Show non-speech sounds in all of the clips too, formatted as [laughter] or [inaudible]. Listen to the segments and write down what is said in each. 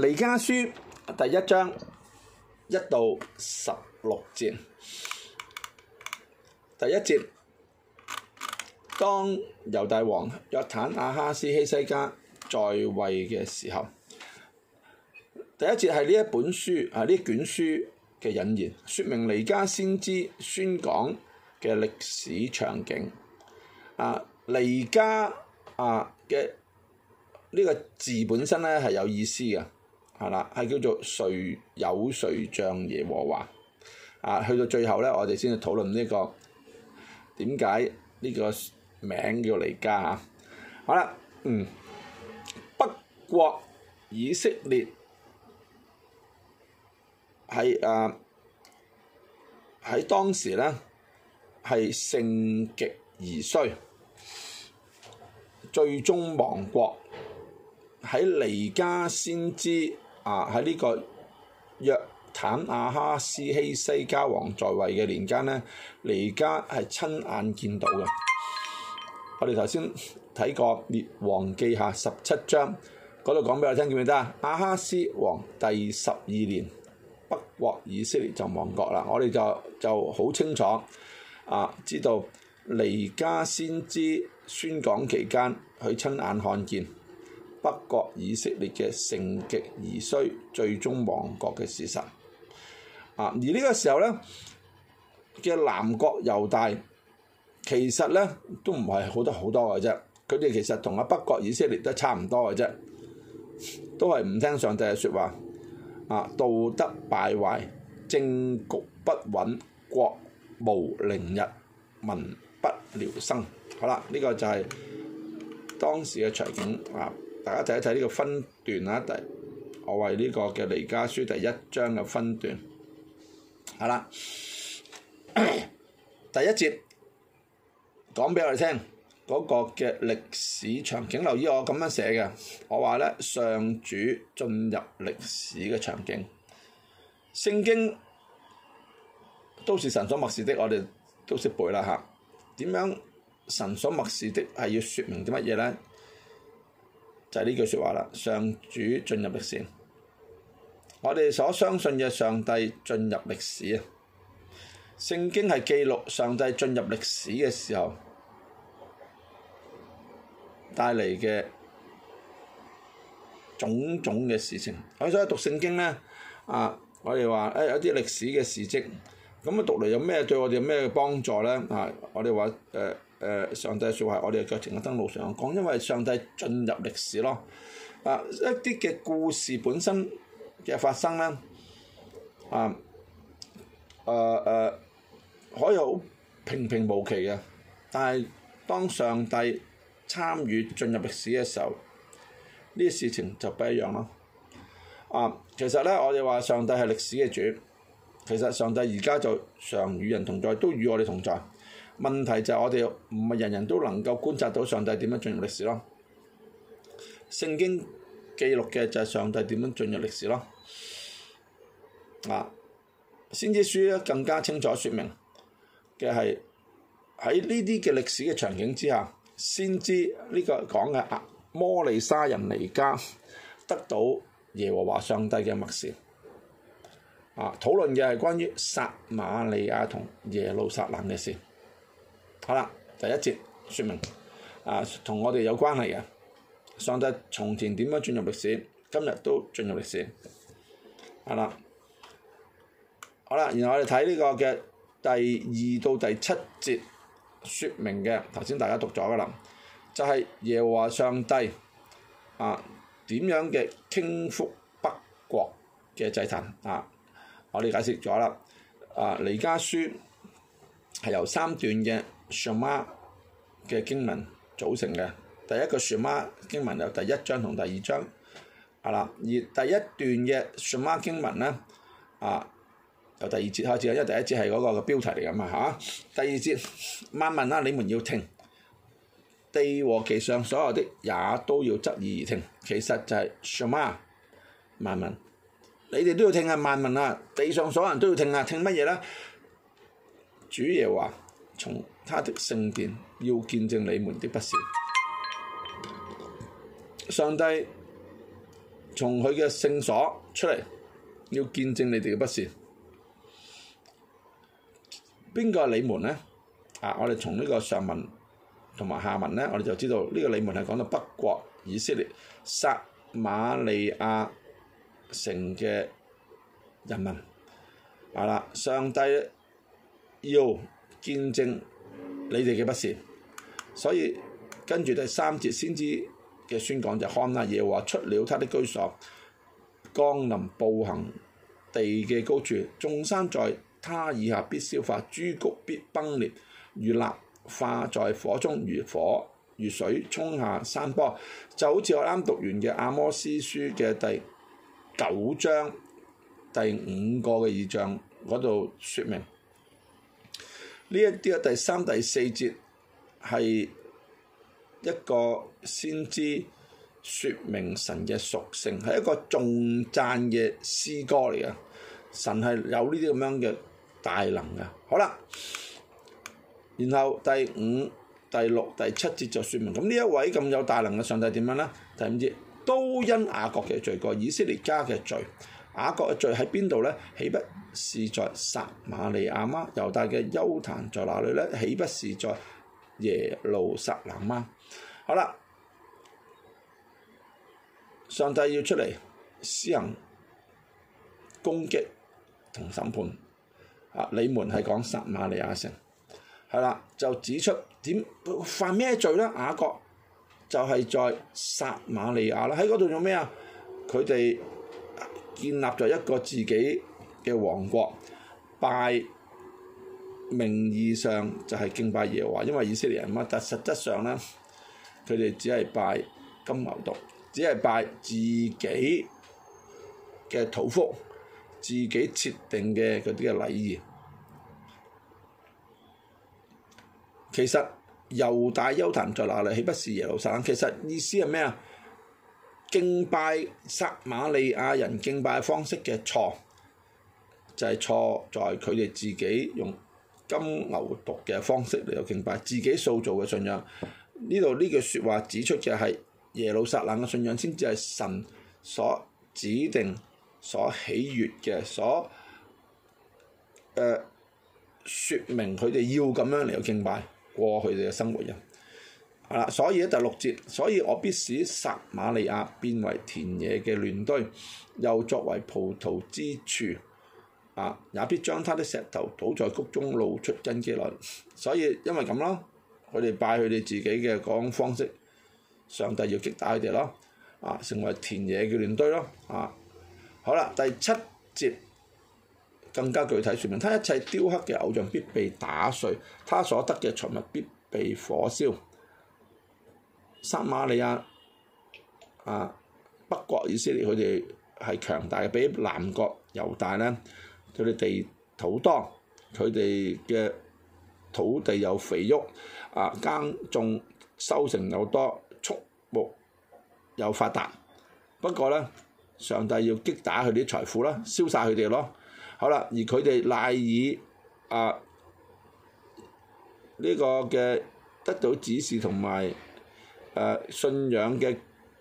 《彌迦書》第一章一到十六節，第一節當猶大王約坦阿哈斯希西家在位嘅時候，第一節係呢一本書啊呢卷書嘅引言，説明彌迦先知宣講嘅歷史場景。啊，彌迦啊嘅呢、這個字本身咧係有意思嘅。係啦，係叫做誰有誰像耶和華，啊，去到最後咧，我哋先去討論呢個點解呢個名叫彌迦啊。好啦，嗯，北國以色列係誒喺當時咧係盛極而衰，最終亡國，喺彌迦先知。啊！喺呢個約坦、亞哈斯、希西家王在位嘅年間咧，彌迦係親眼見到嘅。我哋頭先睇過《列王記下》下十七章，嗰度講俾我聽，記唔記得啊？亞哈斯王第十二年，北國以色列就亡國啦。我哋就就好清楚啊，知道彌迦先知宣講期間，佢親眼看見北國以色列嘅盛極而衰，最終亡國嘅事實。啊，而呢個時候咧嘅南國猶大，其實咧都唔係好得好多嘅啫。佢哋其實同啊北國以色列都差唔多嘅啫，都係唔聽上帝嘅説話，啊道德敗壞，政局不穩，國無寧日，民不聊生。好啦，呢個就係當時嘅場景啊！大家睇一睇呢個分段啦，第我為呢個嘅彌迦書第一章嘅分段，係啦， [coughs] 第一節講俾我哋聽嗰、那個嘅歷史場景。留意我咁樣寫嘅，我話咧上主進入歷史嘅場景，聖經都是神所默示的，我哋都識背啦嚇。點、啊、樣神所默示的係要説明啲乜嘢咧？就係呢句説話啦，上主進入歷史，我哋所相信嘅上帝進入歷史啊，聖經係記錄上帝進入歷史嘅時候帶嚟嘅種種嘅事情。我所以讀聖經呢，啊，我哋話誒有啲歷史嘅事蹟，咁啊讀嚟有咩對我哋有咩幫助呢？啊，我哋話誒。呃誒、呃、上帝説話我，我哋嘅腳前嘅燈路上講，因為上帝進入歷史咯。啊，一啲嘅故事本身嘅發生咧，啊，誒、啊、誒、啊，可以好平平無奇嘅，但係當上帝參與進入歷史嘅時候，呢啲事情就不一樣咯。啊，其實咧，我哋話上帝係歷史嘅主，其實上帝而家就常與人同在，都與我哋同在。問題就係我哋唔係人人都能夠觀察到上帝點樣進入歷史咯。聖經記錄嘅就係上帝點樣進入歷史咯。啊，先知書咧更加清楚説明，嘅係喺呢啲嘅歷史嘅場景之下，先知呢個講嘅啊，摩利沙人彌迦得到耶和華上帝嘅默示。啊，討論嘅係關於撒瑪利亞同耶路撒冷嘅事。好啦，第一節説明啊，同我哋有關係嘅上帝從前點樣進入歷史，今日都進入歷史，係、啊、啦。好啦，然後我哋睇呢個嘅第二到第七節説明嘅，頭先大家讀咗㗎啦，就係、是、耶和華上帝啊點樣嘅傾覆北國嘅祭壇啊，我哋解釋咗啦。啊，彌迦書係由三段嘅。上瑪》嘅經文組成嘅，第一個《説瑪》經文由第一章同第二章。啊啦，而第一段嘅《説瑪》經文咧，啊，由第二節開始，因為第一節係嗰個嘅標題嚟㗎嘛，嚇、啊，第二節萬民啦，你們要聽，地和其上所有的也都要側耳而聽，其實就係上瑪，萬民，你哋都要聽啊，萬民啊，地上所有人都要聽啊，聽乜嘢咧？主耶和華從他的聖殿要見證你們的不是，上帝從佢嘅聖所出嚟，要見證你哋嘅不是。邊個係你們呢？啊，我哋從呢個上文同埋下文呢，我哋就知道呢個你們係講到北國以色列撒瑪利亞城嘅人民，係啦，上帝要見證。你哋嘅不是。所以跟住第三節先知嘅宣講就看哪，耶和華出了他的居所，降臨步行地嘅高處，眾山在他以下必消化，諸谷必崩裂，如蠟化在火中，如火如水沖下山坡，就好似我啱讀完嘅《阿摩斯書嘅第九章第五個嘅意象嗰度說明。呢一啲啊，第三、第四節係一個先知説明神嘅屬性，係一個重讚嘅詩歌嚟嘅。神係有呢啲咁樣嘅大能嘅。好啦，然後第五、第六、第七節就説明，咁呢一位咁有大能嘅上帝點樣咧？第五節都因雅各嘅罪過，以色列家嘅罪，雅各嘅罪喺邊度咧？豈不是在撒瑪利亞嗎？猶大嘅邱壇在哪裏呢？豈不是在耶路撒冷嗎？好啦，上帝要出嚟施行攻擊同審判啊！你們係講撒瑪利亞城，係啦，就指出點犯咩罪呢？雅各就係、是、在撒瑪利亞啦，喺嗰度做咩啊？佢哋建立咗一個自己。嘅王國拜，名義上就係、是、敬拜耶和華，因為以色列人啊嘛，但實質上咧，佢哋只係拜金牛犢，只係拜自己嘅土福，自己設定嘅嗰啲嘅禮儀。其實猶大丘壇在哪裏？豈不是耶路撒冷？其實意思係咩啊？敬拜撒瑪利亞人敬拜方式嘅錯。就係錯在佢哋自己用金牛犢嘅方式嚟到敬拜，自己塑造嘅信仰。呢度呢句説話指出嘅係耶路撒冷嘅信仰先至係神所指定、所喜悅嘅，所誒呃，説明佢哋要咁樣嚟到敬拜過佢哋嘅生活人。係啦，所以喺第六節，所以我必使撒瑪利亞變為田野嘅亂堆，又作為葡萄之處。啊、也必將他的石頭倒在谷中露出根基來，所以因為咁咯，佢哋拜佢哋自己嘅講方式，上帝要擊打佢哋咯，啊，成為田野嘅亂堆咯，啊，好啦，第七節更加具體説明，他一切雕刻嘅偶像必被打碎，他所得嘅財物必被火燒。撒瑪利亞啊，北國以色列佢哋係強大嘅，比南國猶大咧。佢哋地土多，佢哋嘅土地又肥沃，啊耕種收成又多，畜牧又發達。不過咧，上帝要擊打佢啲財富啦，燒曬佢哋咯。好啦，而佢哋賴以啊呢個嘅得到指示同埋誒信仰嘅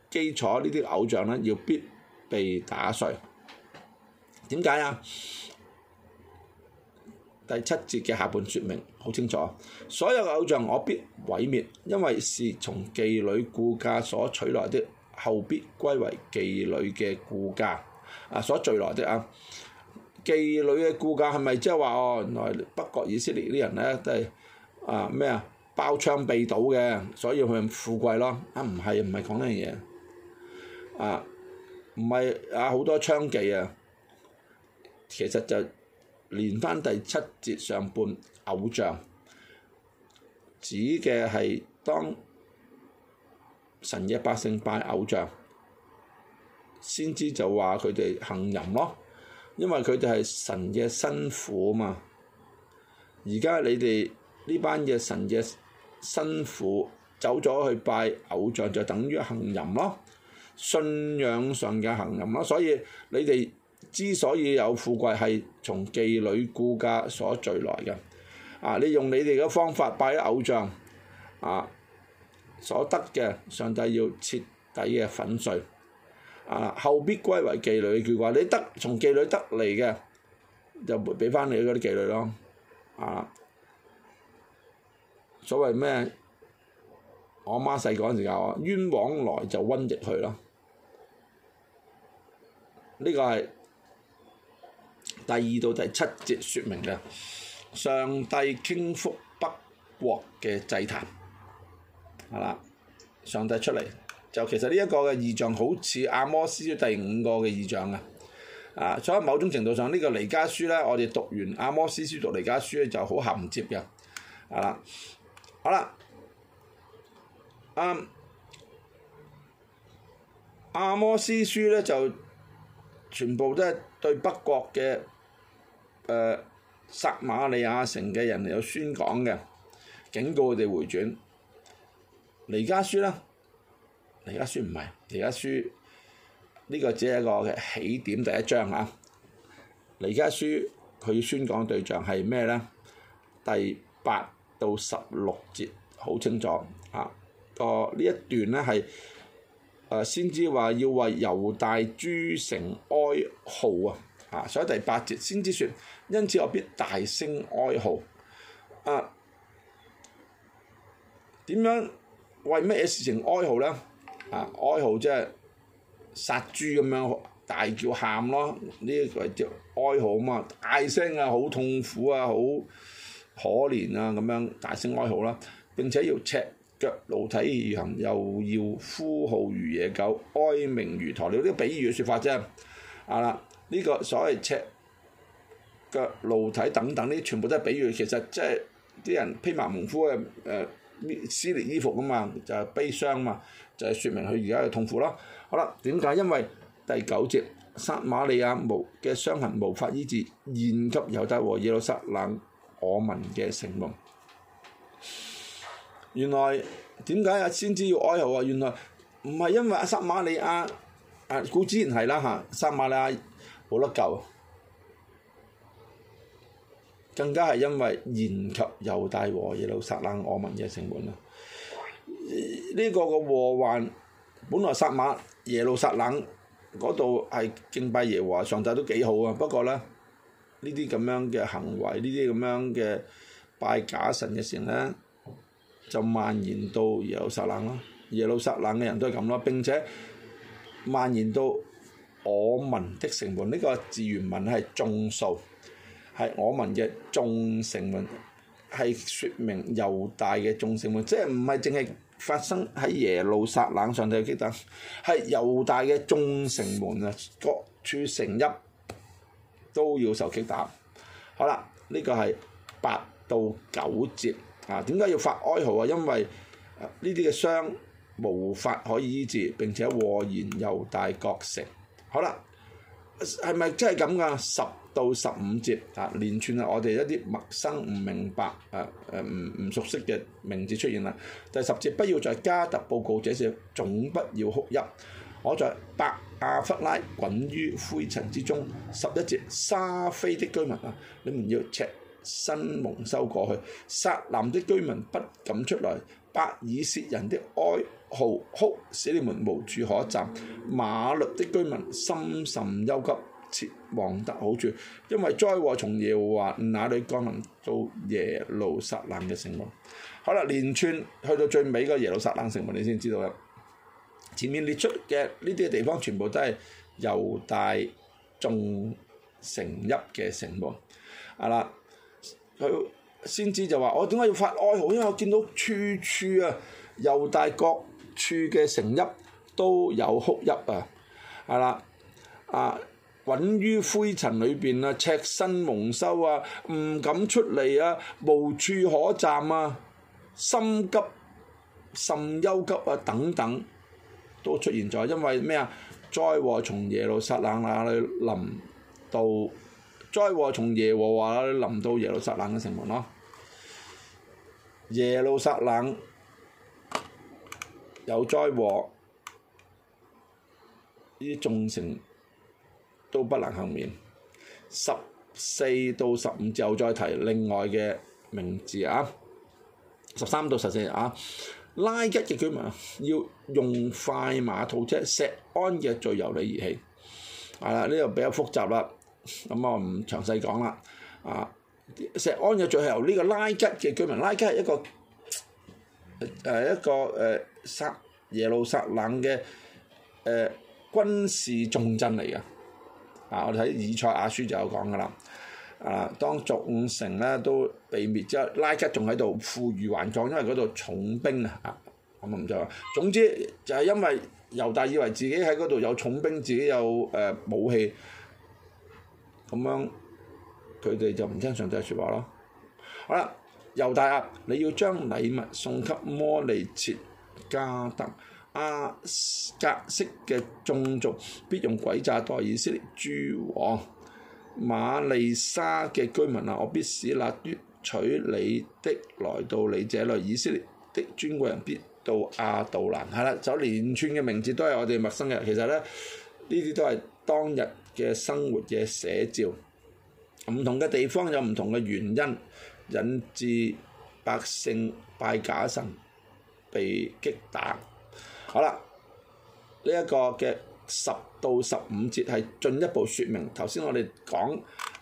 基礎呢啲偶像咧，要必被打碎。點解啊？第七節嘅下半說明好清楚，啊，所有偶像我必毀滅，因為是從妓女雇價所取來的，後必歸為妓女嘅雇價啊所聚來的啊，妓女嘅雇價係咪即係話哦？原來北國以色列啲人咧都係啊咩啊包娼庇賭嘅，所以佢富貴咯，啊唔係唔係講呢樣嘢啊，唔係啊好多娼妓啊，其實就～連返第七節上半，偶像指嘅係當神嘅百姓拜偶像，先知就話佢哋行淫咯，因為佢哋係神嘅新婦嘛。而家你哋呢班嘅神嘅新婦，走咗去拜偶像，就等於行淫咯，信仰上嘅行淫咯，所以你哋。之所以有富貴係從妓女顧家所聚來嘅，啊！你用你哋嘅方法拜咗偶像，啊，所得嘅上帝要徹底嘅粉碎，啊後必歸為妓女。呢句話，你得從妓女得嚟嘅，就俾翻你嗰啲妓女咯，啊！所謂咩？我媽細個嗰陣時教我冤枉來就瘟疫去咯，呢個係。第二到第七節說明嘅上帝傾覆北國嘅祭壇，係啦，上帝出嚟就其實呢一個嘅異象好似阿摩司書第五個嘅異象啊，所以某種程度上，這個、呢個彌迦書咧，我哋讀完阿摩司書讀彌迦書咧就好銜接嘅，係啦，好啦，阿、嗯、阿摩司書咧就全部都係對北國嘅。誒撒、呃、瑪利亞城嘅人有宣講嘅，警告佢哋回轉。彌迦書啦，彌迦書唔係，彌迦書呢、這個只係一個嘅起點第一章第啊。彌迦書佢宣講對象係咩咧？第八到十六節好清楚啊！個呢一段咧係誒先知話要為猶大諸城哀號啊！啊！所以第八節先至説，因此我必大聲哀號。啊，點樣為咩事情哀號咧？啊，哀號即係殺豬咁樣大叫喊咯，呢個叫哀號嘛，大聲啊，好痛苦啊，好可憐啊咁樣大聲哀號啦。並且要赤腳露體而行，又要呼號如野狗，哀鳴如鴕鳥，呢個比喻嘅説法啫。啊啦～呢個所謂赤腳露體等等，呢，全部都係比喻。其實即係啲人披麻蒙灰嘅誒，撕裂衣服啊嘛，就係、是、悲傷啊嘛，就係、是、説明佢而家嘅痛苦咯。好啦，點解？因為第九節，撒瑪利亞無嘅傷痕無法醫治，現急猶大和耶路撒冷我民嘅成蒙。原來點解阿先知要哀號啊？原來唔係因為阿撒瑪利亞啊，固之然係啦嚇，撒瑪利亞。冇得救，更加係因為延及猶大和耶路撒冷我民嘅成本啦。呢個個禍患，本來撒馬耶路撒冷嗰度係敬拜耶和華上帝都幾好啊，不過咧，呢啲咁樣嘅行為，呢啲咁樣嘅拜假神嘅事咧，就蔓延到耶路撒冷啦，耶路撒冷嘅人都係咁啦，並且蔓延到。我民的城門呢、這個字原文係眾數，係我民嘅眾城門，係說明猶大嘅眾城門，即係唔係淨係發生喺耶路撒冷上就嘅擊打，係猶大嘅眾城門啊，各處城邑都要受擊打。好啦，呢、這個係八到九節啊。點解要發哀號啊？因為呢啲嘅傷無法可以醫治，並且禍延猶大各城。好啦，係咪真係咁噶？十到十五節啊，連串係我哋一啲陌生、唔明白、誒誒唔唔熟悉嘅名字出現啦。第十節，不要在迦特報告這事，總不要哭泣。我在伯亞弗拉滾於灰塵之中。十一節，沙斐的居民啊，你們要赤身蒙羞過去。撒南的居民不敢出來。伯以薛人的哀號哭，使你們無處可站；馬律的居民心甚憂急，切望得好處，因為災禍從耶和華那裏降臨到耶路撒冷嘅城門。好啦，連串去到最尾個耶路撒冷城門，你先知道啦。前面列出嘅呢啲地方，全部都係猶大眾城邑嘅城門。係、啊、啦，佢。先知就話：我點解要發哀號？因為我見到處處啊，猶大各處嘅城邑都有哭泣啊，係啦，啊，滾於灰塵裏邊啊，赤身蒙羞啊，唔敢出嚟啊，無處可站啊，心急甚憂急啊等等，都出現咗。因為咩啊？災禍從耶路撒冷那、啊、裏臨到。災禍從耶和華臨到耶路撒冷嘅城門咯，耶路撒冷有災禍，呢啲眾城都不能幸免。十四到十五之後再提另外嘅名字啊，十三到十四啊，拉吉嘅居民要用快馬套車，錫安嘅罪由你而起。係啦，呢度比較複雜啦。咁、嗯、我唔詳細講啦，啊，錫安嘅最後由呢個拉吉嘅居民，拉吉係一個誒、呃、一個誒撒、呃、耶路撒冷嘅誒、呃、軍事重鎮嚟㗎，啊，我哋喺以賽亞書就有講噶啦，啊，當眾城咧都被滅之後，拉吉仲喺度負隅頑抗，因為嗰度重兵啊，啊，咁啊唔錯，總之就係因為猶大以為自己喺嗰度有重兵，自己有誒、呃、武器。咁樣佢哋就唔聽上帝説話咯。好啦，猶大啊，你要將禮物送給摩利設迦特。亞、啊、革悉嘅眾族，必用詭詐待以色列諸王。瑪利沙嘅居民啊，我必使那奪取你的來到你這裏。以色列的尊貴人必到亞杜蘭。係啦，走連串嘅名字都係我哋陌生嘅，其實咧呢啲都係當日嘅生活嘅寫照，唔同嘅地方有唔同嘅原因，引致百姓拜假神被擊打。好啦，呢、這、一個嘅十到十五節係進一步説明頭先我哋講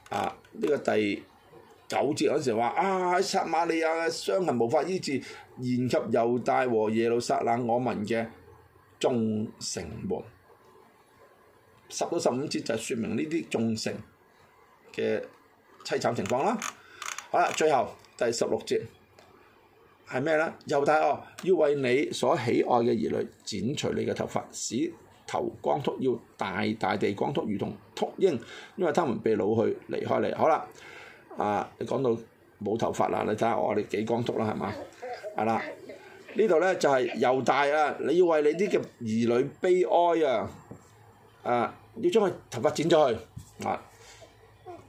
啊呢、這個第九節嗰時話啊，喺撒瑪利亞嘅傷痕無法醫治，延及猶大和耶路撒冷我民嘅眾城門。十到十五節就説明呢啲眾城嘅凄慘情況啦。好啦，最後第十六節係咩呢？猶大哦，要為你所喜愛嘅兒女剪除你嘅頭髮，使頭光禿，要大大地光禿，如同禿鷹，因為他們被老去離開你。好啦，啊，你講到冇頭髮啦，你睇下我哋幾光禿啦，係嘛？係啦，呢度呢就係猶大啊，你要為你啲嘅兒女悲哀啊！啊！要將佢頭髮剪咗去，啊！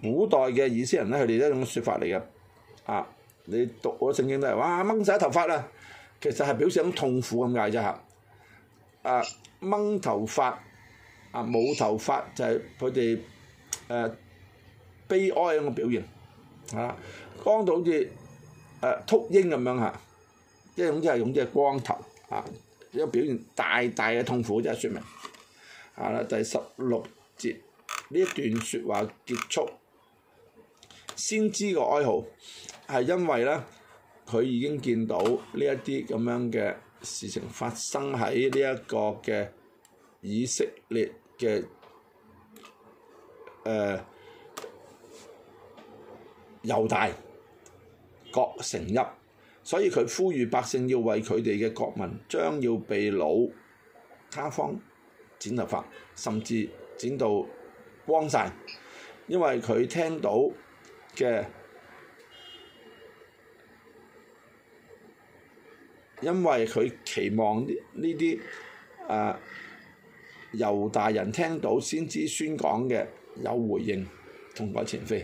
古代嘅以色列人咧，佢哋都係一種説法嚟嘅，啊！你讀嗰聖經都係，哇！掹晒頭髮啦，其實係表示一種痛苦咁解啫嚇。啊！掹頭髮，啊冇頭髮就係佢哋誒悲哀咁嘅表現，嚇、啊、光到好似誒禿鷹咁樣嚇，一種即之係用啲光頭嚇，呢、啊、種表現大大嘅痛苦啫，説明。第十六節呢一段説話結束，先知嘅哀號係因為咧，佢已經見到呢一啲咁樣嘅事情發生喺呢一個嘅以色列嘅誒猶大國城邑，所以佢呼籲百姓要為佢哋嘅國民將要被擄他方。剪頭髮，甚至剪到光晒，因為佢聽到嘅，因為佢期望呢啲誒猶大人聽到先知宣講嘅有回應，痛改前非。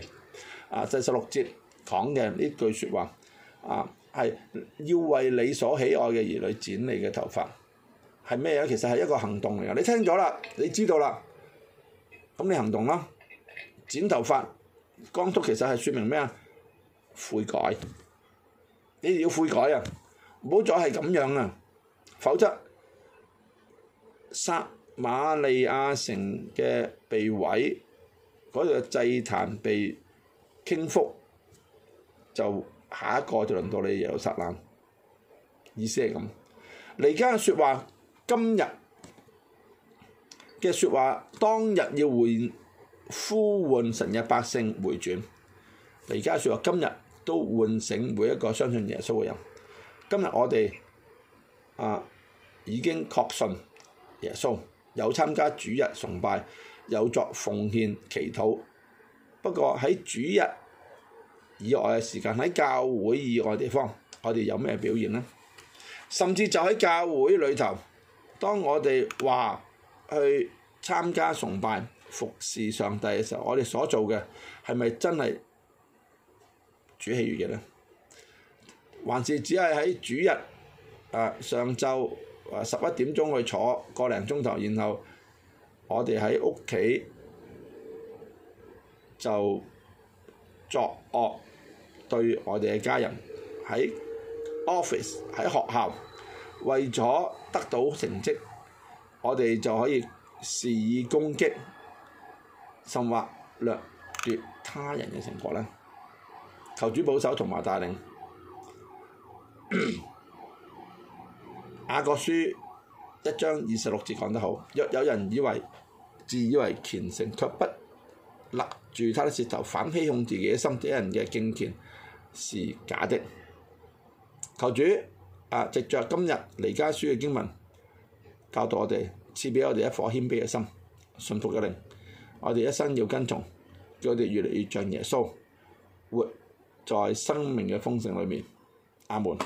啊，第十六節講嘅呢句説話，啊，係要為你所喜愛嘅兒女剪你嘅頭髮。係咩咧？其實係一個行動嚟噶，你聽咗啦，你知道啦，咁你行動啦，剪頭髮光禿，其實係説明咩啊？悔改，你哋要悔改啊！唔好再係咁樣啊，否則撒瑪利亞城嘅被毀，嗰度嘅祭壇被傾覆，就下一個就輪到你耶路撒冷，意思係咁。彌迦嘅説話。今日嘅説話，當日要回呼喚神嘅百姓回轉。而家説話今日都喚醒每一個相信耶穌嘅人。今日我哋啊已經確信耶穌，有參加主日崇拜，有作奉獻祈禱。不過喺主日以外嘅時間，喺教會以外地方，我哋有咩表現呢？甚至就喺教會裏頭。當我哋話去參加崇拜服侍上帝嘅時候，我哋所做嘅係咪真係主喜悅嘅咧？還是只係喺主日啊上晝啊十一點鐘去坐個零鐘頭，然後我哋喺屋企就作惡，對我哋嘅家人，喺 office 喺學校為咗得到成績，我哋就可以肆意攻擊，甚或掠奪他人嘅成果咧。求主保守同埋帶領。雅 [coughs] 各書一章二十六節講得好：若有人以為自以為虔誠，卻不勒住他的舌頭，反欺哄自己嘅心，這人嘅敬虔是假的。求主。啊！藉著今日彌迦書嘅經文，教導我哋，賜俾我哋一顆謙卑嘅心，信服嘅靈，我哋一生要跟從，叫我哋越嚟越像耶穌，活在生命嘅豐盛裏面。阿門。